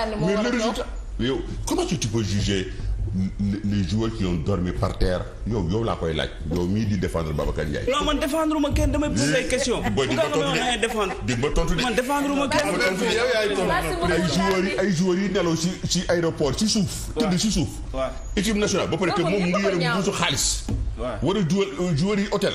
tànn moo mais le résultat yow comment tu peux juger les joueurs qui ont dormi par terre yow yow laa koy laaj yow mii di défendre Babacar Ndiaye. non man defendre ma kenn damay poser ay questions. booy di ma tontu de tontu de. man défendre ma kenn ay joueurs yi ay joueurs yi nelaw ci ci aéroport ci suuf. tëdd ci suuf. équipe nationale ba pare que moom mu ngi yore mbuusu xaalis. war a joueur euh, joueurs yi hôtel.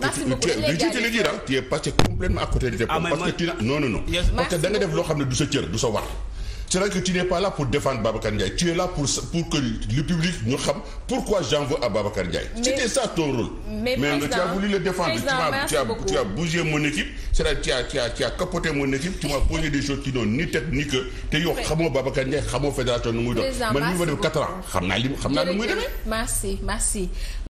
parce que tu te le dire ah tu es passé complètement à côté des ah, parce que tu non non non parce que da nga def loo xam ne du sa cër du sa war c'est-à-dire que tu n'es pas là pour défendre Babacar Ndiaye tu es là pour pour que le public ñu xam pourquoi j'en veux à Babacar Ndiaye c'était ça ton rôle mais tu as voulu le défendre tu as tu as bougé mon équipe c'est-à-dire tu as tu as tu as capoté mon équipe tu m'as posé des choses qui n'ont ni tête ni queue te yow xamoo Babacar Ndiaye xamoo fédération nu muy doon man mi ma def quatre ans xam naa li xam naa nu muy demee merci merci